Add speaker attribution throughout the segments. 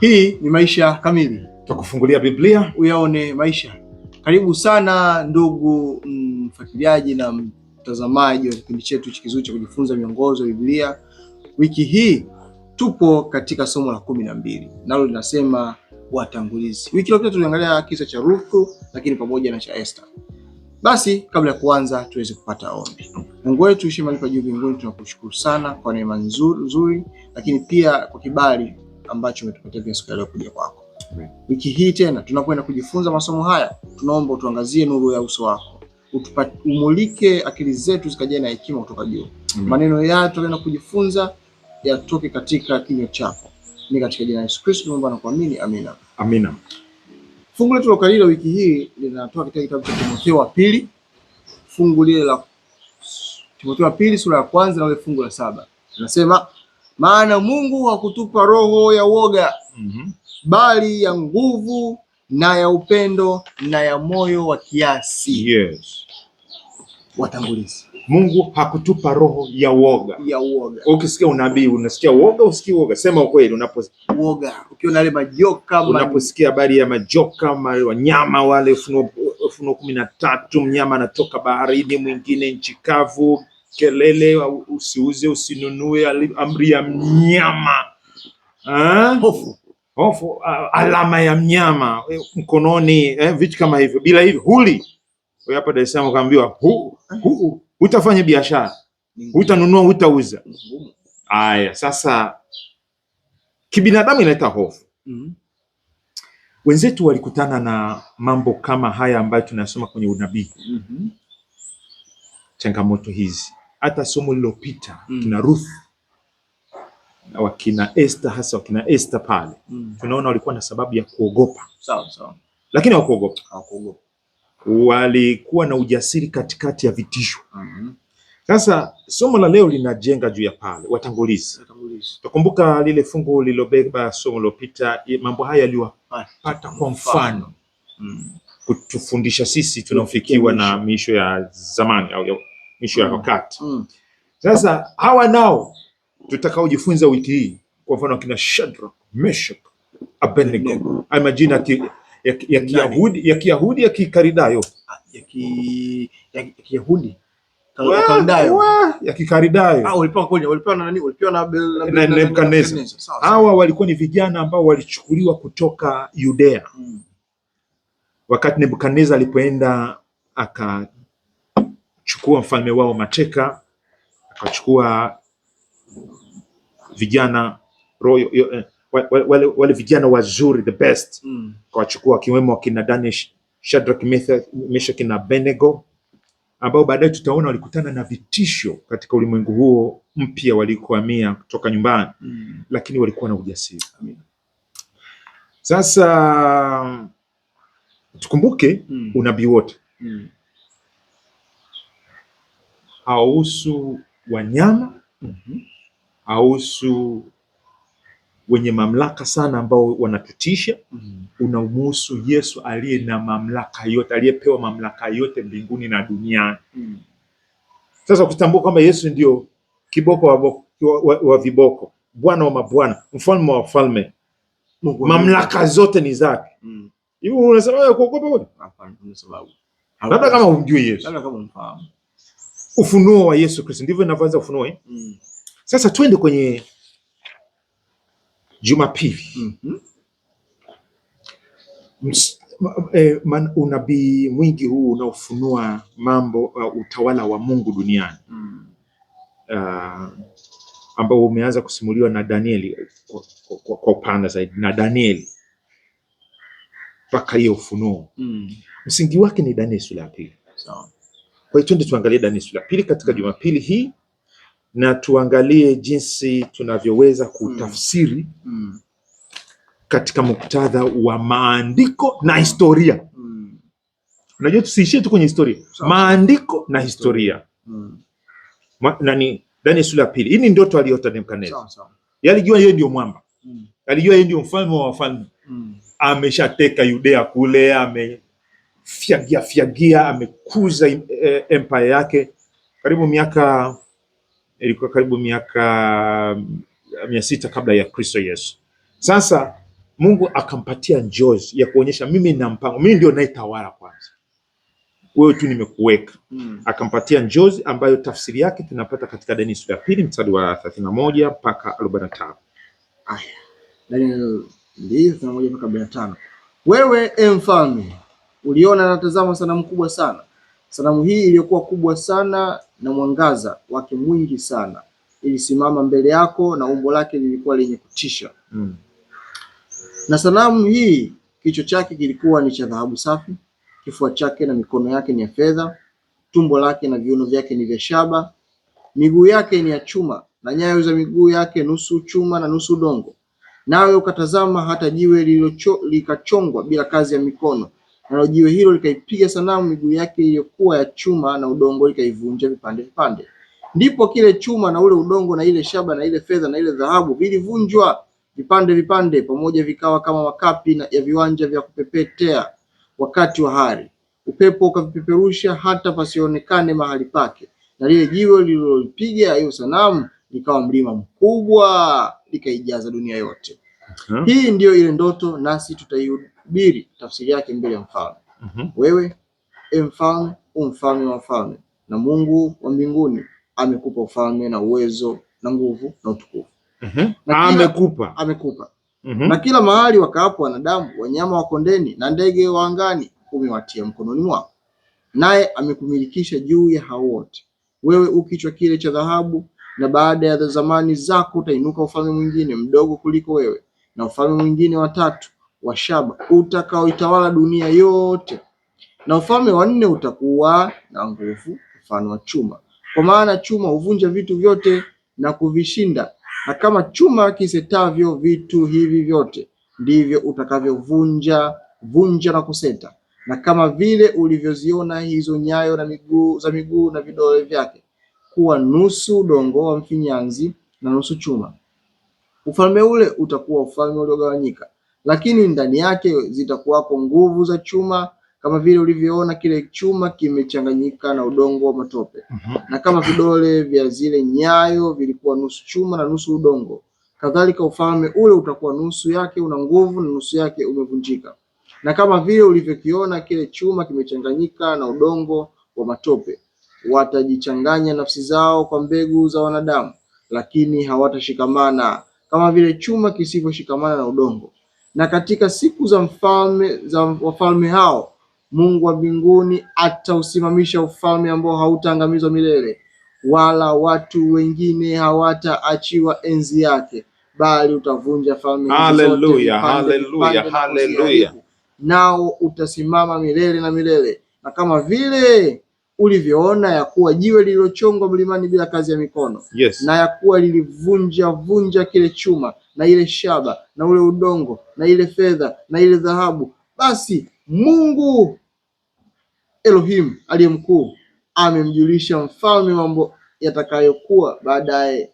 Speaker 1: Hii ni Maisha Kamili,
Speaker 2: tukufungulia Biblia
Speaker 1: uyaone maisha. Karibu sana ndugu mfuatiliaji na mtazamaji wa kipindi chetu hiki kizuri cha kujifunza miongozo ya Biblia. Wiki hii tupo katika somo la kumi na mbili nalo linasema watangulizi. Wiki iliyopita tuliangalia kisa cha Ruthu, lakini pamoja na cha Esther. Basi kabla ya kuanza tuweze kupata ombi. Mungu wetu ushimalipa juu mbinguni, tunakushukuru sana kwa neema nzuri, lakini pia kwa kibali ambacho umetupatia siku ya leo kuja kwako. Wiki hii tena tunakwenda kujifunza masomo haya, tunaomba utuangazie nuru ya uso wako, utupate umulike akili zetu zikajae na hekima kutoka juu. Maneno yayo tunaenda kujifunza yatoke katika kinywa chako, ni katika jina la Yesu Kristo tunaomba na kuamini, amina. Amina. Fungu letu la ukalili wiki hii linatoka katika kitabu cha Timotheo wa pili, fungu lile la Timotheo wa pili sura ya kwanza na ile fungu la saba linasema maana Mungu hakutupa roho ya woga mm -hmm. bali ya nguvu na ya upendo na ya moyo wa kiasi. Yes. Watangulizi,
Speaker 2: Mungu hakutupa roho ya woga. ya woga. Ukisikia unabii unasikia woga, usikii woga, sema ukweli. Unapo
Speaker 1: woga. ukiona yale majoka,
Speaker 2: unaposikia habari ya majoka, wanyama wale, Ufunuo kumi na tatu, mnyama anatoka baharini, mwingine nchi kavu kelele, usiuze, usinunue, amri ya mnyama Hofu. Hofu, alama ya mnyama e, mkononi eh, vitu kama hivyo. Bila hivyo huli Wewe hapa Dar es Salaam ukaambiwa hu, hu, hutafanya biashara, utanunua, utauza. hutanunua, hutauza. Aya, sasa kibinadamu inaleta hofu. Mm-hmm. Wenzetu walikutana na mambo kama haya ambayo tunasoma kwenye unabii, mm-hmm. changamoto hizi hata somo lilopita mm. kina Ruth na wakina Esther, hasa wakina Esther pale mm. tunaona walikuwa na sababu ya kuogopa sawa sawa, lakini hawakuogopa, hawakuogopa, walikuwa na ujasiri katikati ya vitisho mm sasa somo la leo linajenga juu ya pale watangulizi. Tukumbuka lile fungu lilobeba somo lilopita, mambo haya yaliwapata kwa mfano mm. kutufundisha sisi tunaofikiwa na miisho ya zamani au mwisho ya mm. wakati. Mm. Sasa hawa nao tutakaojifunza wiki hii, kwa mfano kina Shadrach, Meshach, Abednego, ay majina ya Kiyahudi ya Kiyahudi ya Kikaridayo
Speaker 1: ah, ya Kiyahudi
Speaker 2: ya Kikaridayo ah, na Nebukadneza. Hawa walikuwa ni vijana ambao walichukuliwa kutoka Yudea mm. wakati Nebukadneza alipoenda aka akachukua mfalme wao mateka, akachukua vijana royo, yo, eh, wale, wale vijana wazuri the best mm. Akawachukua akiwemo akina Daniel, Shadrach, Meshach na Abednego ambao baadaye tutaona walikutana na vitisho katika ulimwengu huo mpya walikohamia kutoka nyumbani mm. Lakini walikuwa na ujasiri. Sasa tukumbuke mm. unabii wote mm hausu wanyama mm wenye mamlaka sana ambao wanatutisha mm. Unamuhusu Yesu aliye na mamlaka yote, aliyepewa mamlaka yote mbinguni na duniani mm. Sasa ukitambua kwamba Yesu ndio kiboko wa, wa, wa, wa viboko, Bwana wa mabwana, mfalme wa falme mamlaka zote ni zake. Mhm. Hivi unasema kuogopa? Hapana, labda kama humjui Yesu,
Speaker 1: kama
Speaker 2: ufunuo wa Yesu Kristo, ndivyo inavyoanza ufunuo eh? mm. Sasa twende kwenye Jumapili mm -hmm. E, unabii mwingi huu unaofunua mambo uh, utawala wa Mungu duniani mm. uh, ambao umeanza kusimuliwa na Danieli kwa upana zaidi na Danieli mpaka hiyo ufunuo mm. msingi wake ni Danieli sura ya pili kwa hiyo twende tuangalie danisu la pili katika mm. Jumapili hii na tuangalie jinsi tunavyoweza mm. kutafsiri mm. katika muktadha wa maandiko na mm. historia. Unajua, tusiishie tu kwenye historia, maandiko na historia mm. Ma, nani Danieli sura ya pili, hii ni ndoto aliyoota Nebukadneza. Yalijua yeye ndio mwamba mm. alijua yeye ndio mfalme wa wafalme mm. ameshateka Yudea kule ame fyagia fyagia, amekuza e, empire yake karibu miaka ilikuwa karibu miaka eh, mia sita kabla ya Kristo Yesu. Sasa Mungu akampatia njozi ya kuonyesha mimi na mpango, mimi ndio naitawala kwanza, wewe tu nimekuweka. Hmm. Akampatia njozi ambayo tafsiri yake tunapata katika Danieli sura ya pili mstari wa 31 mpaka 45.
Speaker 1: Aya. Danieli 2:31 mpaka 45. Wewe e mfalme Uliona na tazama sanamu kubwa sana, sanamu hii iliyokuwa kubwa sana na mwangaza wake mwingi sana, ilisimama mbele yako na umbo lake lilikuwa lenye kutisha mm. Na sanamu hii kichwa chake kilikuwa ni cha dhahabu safi, kifua chake na mikono yake ni ya fedha, tumbo lake na viuno vyake ni vya shaba, miguu yake ni ya chuma na nyayo za miguu yake nusu chuma na nusu udongo. Nawe ukatazama hata jiwe lililocho likachongwa bila kazi ya mikono nalo jiwe hilo likaipiga sanamu miguu yake iliyokuwa ya chuma na udongo, likaivunja vipande vipande. Ndipo kile chuma na ule udongo na ile shaba na ile fedha na ile dhahabu vilivunjwa vipande vipande, pamoja vikawa kama makapi na ya viwanja vya kupepetea wakati wa hari. Upepo ukavipeperusha hata pasionekane mahali pake, na lile jiwe lililolipiga hiyo sanamu likawa mlima mkubwa, likaijaza dunia yote. -hmm. Hii ndio ile ndoto, nasi tutaihubiri tafsiri yake mbele ya mfalme. mm -hmm. Wewe e mfalme, u wa mfalme na Mungu wa mbinguni amekupa ufalme na uwezo na nguvu na utukufu. mm
Speaker 2: -hmm. Amekupa,
Speaker 1: amekupa mm -hmm. na kila mahali wakaapo wanadamu, wanyama wa kondeni na ndege wa angani, umewatia mkononi mwako, naye amekumilikisha juu ya hao wote. Wewe ukichwa kile cha dhahabu, na baada ya zamani zako utainuka ufalme mwingine mdogo kuliko wewe na ufalme mwingine wa tatu wa shaba utakaoitawala dunia yote, na ufalme wa nne utakuwa na nguvu mfano wa chuma, kwa maana chuma huvunja vitu vyote na kuvishinda. Na kama chuma kisetavyo vitu hivi vyote, ndivyo utakavyovunja vunja na kuseta. Na kama vile ulivyoziona hizo nyayo na miguu za miguu na vidole vyake kuwa nusu dongo wa mfinyanzi na nusu chuma Ufalme ule utakuwa ufalme uliogawanyika, lakini ndani yake zitakuwako nguvu za chuma kama vile ulivyoona kile chuma kimechanganyika na udongo wa matope. mm -hmm. Na kama vidole vya zile nyayo vilikuwa nusu chuma na nusu udongo, kadhalika ufalme ule utakuwa nusu yake una nguvu na nusu yake umevunjika. Na kama vile ulivyokiona kile chuma kimechanganyika na udongo wa matope, watajichanganya nafsi zao kwa mbegu za wanadamu, lakini hawatashikamana kama vile chuma kisivyoshikamana na udongo. Na katika siku za mfalme za wafalme hao Mungu wa mbinguni atausimamisha ufalme ambao hautaangamizwa milele, wala watu wengine hawataachiwa enzi yake, bali utavunja falme
Speaker 2: haleluya, haleluya, haleluya,
Speaker 1: nao utasimama milele na milele, na kama vile ulivyoona ya kuwa jiwe lililochongwa mlimani bila kazi ya mikono yes. na ya kuwa lilivunja vunja kile chuma na ile shaba na ule udongo na ile fedha na ile dhahabu, basi Mungu Elohim aliye mkuu amemjulisha mfalme mambo yatakayokuwa baadaye,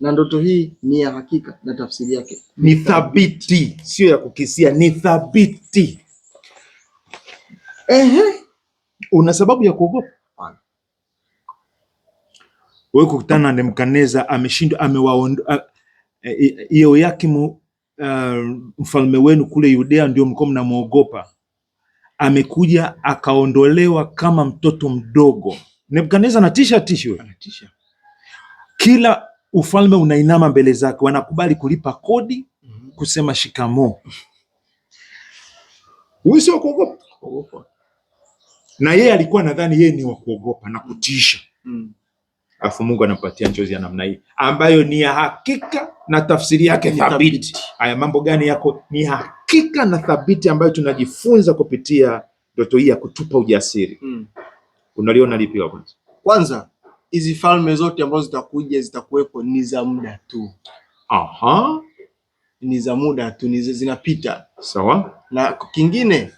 Speaker 1: na ndoto hii ni ya hakika na tafsiri yake
Speaker 2: ni thabiti, siyo ya kukisia, ni thabiti. Ehe. Una sababu ya kuogopa wewe kukutana na Nebukadneza, ameshindwa amewaondoa e, e, Yehoyakimu mfalme wenu kule Yudea, ndio mlikuwa mnamwogopa. Amekuja akaondolewa kama mtoto mdogo. Nebukadneza anatisha tishi, anatisha. Kila ufalme unainama mbele zake, wanakubali kulipa kodi, mhm. kusema shikamoo. Wewe sio kuogopa na yeye alikuwa nadhani yeye ni wa kuogopa na kutiisha mm. Alafu Mungu anampatia njozi ya namna hii ambayo ni ya hakika na tafsiri yake thabiti. Haya mambo gani yako ni hakika na thabiti ambayo tunajifunza kupitia ndoto hii ya kutupa ujasiri mm. Unaliona lipi kwanza?
Speaker 1: Kwanza hizi falme zote ambazo zitakuja zitakuwepo ni za muda tu.
Speaker 2: Aha.
Speaker 1: Ni za muda tu, ni zinapita.
Speaker 2: Sawa.
Speaker 1: Na kingine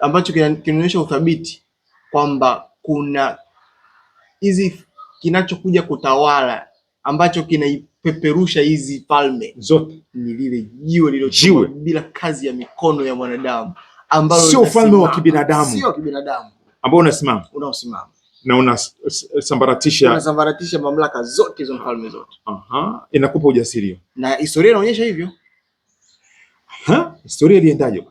Speaker 1: ambacho kinaonyesha uthabiti kwamba kuna hizi kinachokuja kutawala ambacho kinaipeperusha hizi falme zote ni lile jiwe lilochimba bila kazi ya mikono ya mwanadamu,
Speaker 2: ambalo sio ufalme wa kibinadamu,
Speaker 1: sio kibinadamu
Speaker 2: ambao unasimama unaosimama na unasambaratisha
Speaker 1: unasambaratisha mamlaka zote za falme zote.
Speaker 2: Aha, inakupa ujasiri
Speaker 1: na historia inaonyesha hivyo.
Speaker 2: Ha? historia iliendaje?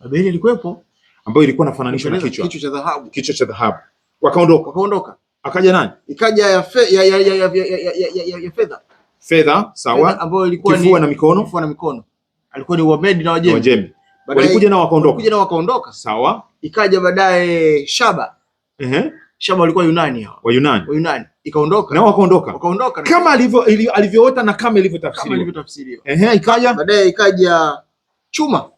Speaker 1: Babeli alikuwepo
Speaker 2: ambayo ilikuwa inafananishwa na kichwa
Speaker 1: kichwa cha dhahabu,
Speaker 2: kichwa cha dhahabu. Wakaondoka, wakaondoka. Akaja nani?
Speaker 1: Ikaja ya fe, ya ya ya ya ya ya ya,
Speaker 2: ya fedha fedha, sawa, ambayo ilikuwa ni kifua na mikono,
Speaker 1: kifua na mikono, alikuwa ni Wamedi na Wajemi,
Speaker 2: Wajemi walikuja na wakaondoka,
Speaker 1: walikuja na wakaondoka, sawa. Ikaja baadaye Shaba, ehe, Shaba walikuwa Yunani, hao wa Yunani, wa Yunani, ikaondoka na wakaondoka, wakaondoka
Speaker 2: kama alivyo alivyoota na kama ilivyotafsiriwa,
Speaker 1: kama ilivyotafsiriwa,
Speaker 2: ehe. Ikaja
Speaker 1: baadaye, ikaja chuma,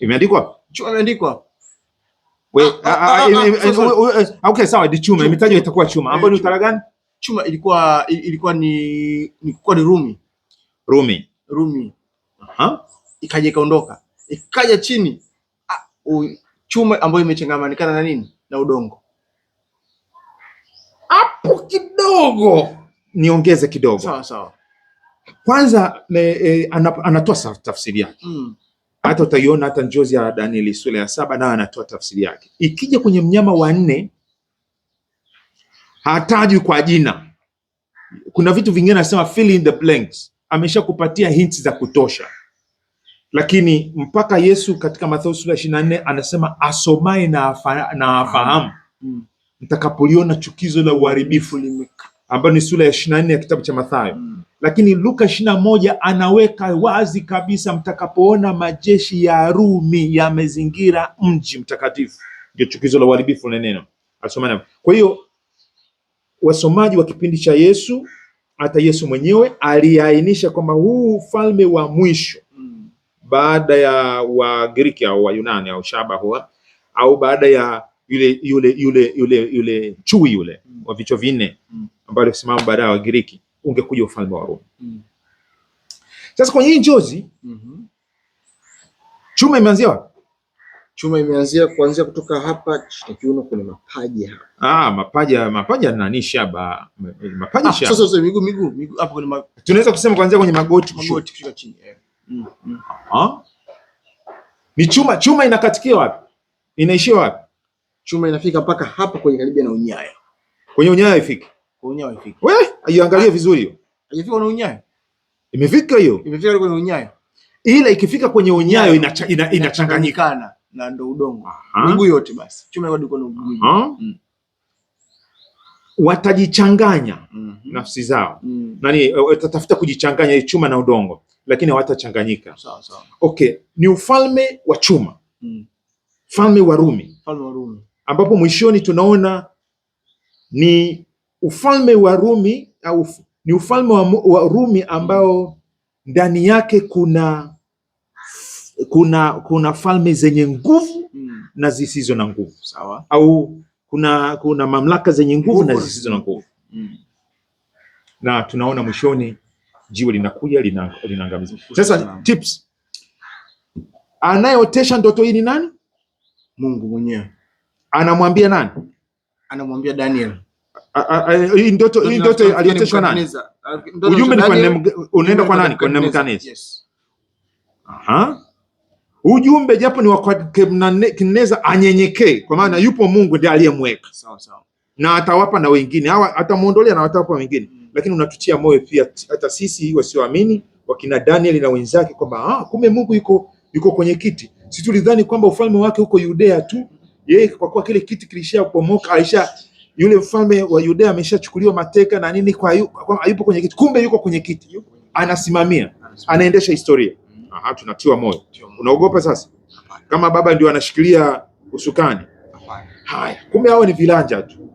Speaker 1: imeandikwa chuma, imeandikwa
Speaker 2: Okay, sawa, ni chuma imetajwa, itakuwa chuma ambayo ni utara gani?
Speaker 1: Chuma ilikuwa ilikuwa ni ilikuwa ni Rumi. Rumi. Rumi. Aha. Ikaja ikaondoka. Ikaja chini. Ah, chuma ambayo imechangamanikana na nini? Na udongo.
Speaker 2: Hapo kidogo niongeze kidogo. Sawa sawa. Kwanza eh, eh, anatoa tafsiri yake. Mm hata utaiona hata njozi ya Danieli sura ya saba, nayo anatoa tafsiri yake. Ikija kwenye mnyama wa nne, hatajwi kwa jina. Kuna vitu vingine anasema fill in the blanks, ameshakupatia hints za kutosha, lakini mpaka Yesu katika Mathayo sura ya ishirini na nne anasema asomaye na afahamu mm. mtakapoliona chukizo la uharibifu, ambayo ni sura ya ishirini na nne ya kitabu cha Mathayo. Mm lakini Luka ishirini na moja anaweka wazi kabisa, mtakapoona majeshi ya Rumi yamezingira mji mtakatifu, ndio chukizo la uharibifu na neno asomana. Kwa hiyo wasomaji wa kipindi cha Yesu, hata Yesu mwenyewe aliainisha kwamba huu ufalme wa mwisho baada ya Wagiriki au Wayunani au shabahoa au baada ya yule yule yule yule yule chui yule wa vichwa vinne ambayo alisimama baada ya Wagiriki ungekuja ufalme wa Rumi. Mm. Sasa kwenye hii njozi mm -hmm. chuma imeanzia wapi?
Speaker 1: Chuma imeanzia kuanzia kutoka hapa chini kiuno, kuna mapaja
Speaker 2: hapa. Ah, mapaja mapaja nani? Shaba
Speaker 1: eh, mapaja ah, shaba. Sasa sasa miguu miguu migu, hapo
Speaker 2: kuna ma... tunaweza kusema kuanzia kwenye magoti magoti
Speaker 1: kushuka chini eh. Mm.
Speaker 2: Mm. Ah. Ni chuma chuma inakatikia wapi? Inaishia wapi?
Speaker 1: Chuma inafika mpaka hapa kwenye karibia na unyayo.
Speaker 2: Kwenye unyayo ifike. Kwenye unyayo ifike. Wewe Iangalie ah. vizuri hiyo.
Speaker 1: Haijafika kwenye unyayo.
Speaker 2: Imefika hiyo.
Speaker 1: Imefika kwenye unyayo. Ila ikifika kwenye unyayo inachanganyikana ina, ina, na ndo udongo. Mungu yote basi. Chuma hadi kwa miguu.
Speaker 2: Mm. Watajichanganya mm -hmm. nafsi zao. Mm. Nani e, watatafuta kujichanganya hiyo chuma na udongo lakini hawatachanganyika. Sawa sawa. Okay, ni ufalme wa chuma. Mm. Falme wa Rumi. Falme wa Rumi. Ambapo mwishoni tunaona ni ufalme wa Rumi au ni ufalme wa, wa Rumi ambao ndani yake kuna kuna kuna falme zenye nguvu hmm. na zisizo na nguvu sawa, au kuna kuna mamlaka zenye nguvu na zisizo na nguvu hmm. na tunaona mwishoni jiwe linakuja linaangamiza. Sasa tips, anayeotesha ndoto hii ni nani?
Speaker 1: Mungu mwenyewe
Speaker 2: anamwambia nani?
Speaker 1: Anamwambia Daniel
Speaker 2: hii ndoto hii ndoto alioteshwa nani? Ujumbe ni kwa nani? unaenda kwa nani? Kwa Nebukadneza. Aha. Ujumbe japo ni wa Nebukadneza anyenyekee, kwa maana mm. yupo Mungu ndiye aliyemweka. Sawa sawa. Na atawapa na wengine. Hawa atamuondolea na atawapa wengine. Mm. Lakini unatutia moyo pia hata sisi wasioamini wakina Daniel na wenzake kwamba ah, kumbe Mungu yuko yuko kwenye kiti. Si tulidhani kwamba ufalme wake uko Yudea tu. Yeye kwa kuwa kile kiti kilishapomoka, alisha yule mfalme wa Yudea ameshachukuliwa mateka na nini, kwa hayupo kwenye kiti, kumbe yuko kwenye kiti, anasimamia, anaendesha historia. Mm. Aha, tunatiwa moyo. Unaogopa sasa, kama baba ndio anashikilia usukani? Haya, kumbe hao ni vilanja tu.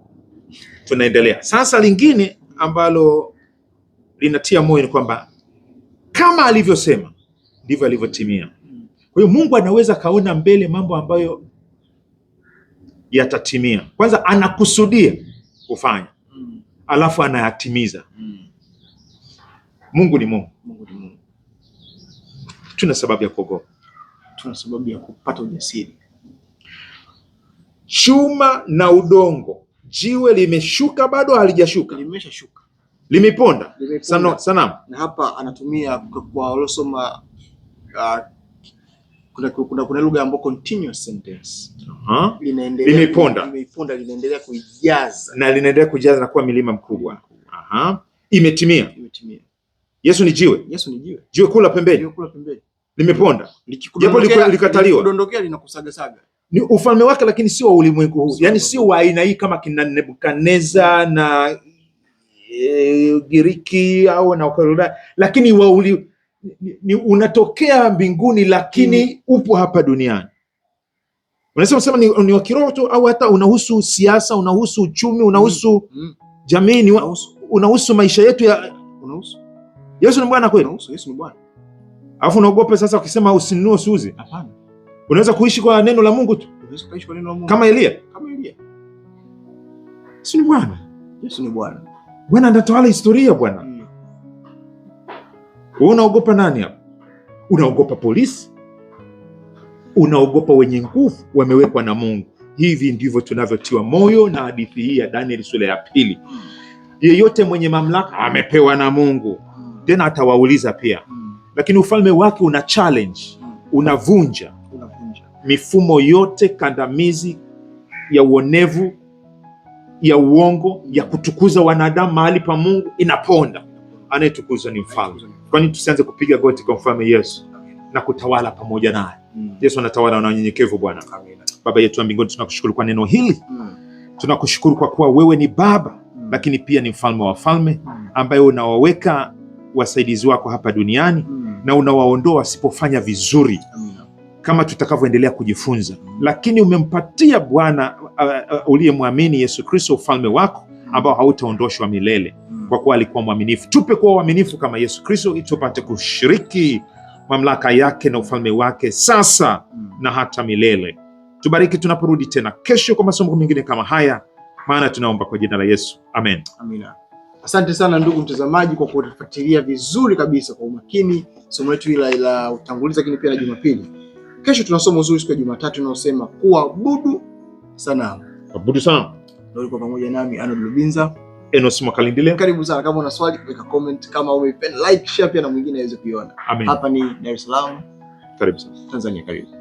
Speaker 2: Tunaendelea sasa, lingine ambalo linatia moyo ni kwamba kama alivyosema ndivyo alivyotimia. Mm. Kwa hiyo Mungu anaweza kaona mbele mambo ambayo yatatimia. Kwanza anakusudia kufanya alafu anayatimiza Mungu ni Mungu, Mungu ni Mungu. Tuna sababu ya kuogopa,
Speaker 1: tuna sababu ya kupata ujasiri.
Speaker 2: Chuma na udongo, jiwe limeshuka bado halijashuka,
Speaker 1: limeshashuka,
Speaker 2: limeponda sanamu. Na
Speaker 1: hapa anatumia kwa waliosoma uh, kuna, kuna, kuna lugha ambayo continuous sentence
Speaker 2: uh -huh. linaendelea limeiponda
Speaker 1: limeiponda linaendelea
Speaker 2: kujaza na linaendelea kujaza na kuwa milima mkubwa uh -huh. Imetimia, imetimia. Yesu ni jiwe, Yesu ni jiwe, jiwe kula pembeni, jiwe kula pembeni, limeponda japo likataliwa,
Speaker 1: linakusaga saga
Speaker 2: ni ufalme wake, lakini sio wa ulimwengu huu, yani sio wa yaani aina hii kama kina Nebukadneza na e, Giriki au na Wakaldayo, lakini wa uli, ni unatokea mbinguni lakini mm. upo hapa duniani. Unasema sema ni, ni wa kiroho tu au hata unahusu siasa, unahusu uchumi, unahusu mm. mm. jamii, ni unahusu. unahusu maisha yetu ya unahusu. Yesu ni Bwana kweli?
Speaker 1: Unahusu Yesu ni Bwana.
Speaker 2: Alafu unaogopa sasa ukisema usinunue usiuze. Hapana. Unaweza kuishi kwa neno la Mungu tu. Unaweza kuishi kwa neno la Mungu. Kama Elia. Kama Elia. Yesu ni Bwana. Yesu ni Bwana. Bwana anatawala historia Bwana. Wewe unaogopa nani hapa? Unaogopa polisi? Unaogopa wenye nguvu wamewekwa na Mungu. Hivi ndivyo tunavyotiwa moyo na hadithi hii ya Danieli sura ya pili. Yeyote mwenye mamlaka amepewa na Mungu, tena atawauliza pia, lakini ufalme wake una challenge, unavunja mifumo yote kandamizi ya uonevu, ya uongo, ya kutukuza wanadamu mahali pa Mungu. Inaponda, anayetukuzwa ni mfalme. Kwani tusianze kupiga goti kwa mfalme Yesu na kutawala pamoja naye mm. Yesu anatawala na unyenyekevu. Bwana Baba yetu wa mbinguni, tunakushukuru kwa neno hili mm. Tunakushukuru kwa kuwa wewe ni Baba mm. lakini pia ni mfalme wa wafalme mm. ambaye unawaweka wasaidizi wako hapa duniani mm. na unawaondoa wasipofanya vizuri Amina. kama tutakavyoendelea kujifunza mm. lakini umempatia Bwana uh, uh, uliyemwamini Yesu Kristo ufalme wako Mm. ambao hautaondoshwa milele, mm. kwa kuwa alikuwa mwaminifu. Tupe kuwa uaminifu kama Yesu Kristo ili tupate kushiriki mamlaka yake na ufalme wake sasa mm. na hata milele. Tubariki tunaporudi tena kesho kwa masomo mengine kama haya, maana tunaomba kwa jina la Yesu, amen.
Speaker 1: Amina. Asante sana ndugu mtazamaji kwa kufuatilia vizuri kabisa kwa umakini somo letu hili la utangulizi, lakini pia la Jumapili. Kesho tuna somo zuri siku ya Jumatatu inayosema kuabudu sanamu.
Speaker 2: Kuabudu sanamu.
Speaker 1: Ndio ulikuwa pamoja nami Arnold Lubinza,
Speaker 2: Enos Makalindile.
Speaker 1: Karibu sana, kama una swali weka comment, kama umeipenda like, share pia na mwingine aweze kuiona. Hapa ni Dar es Salaam. Karibu sana. Tanzania karibu.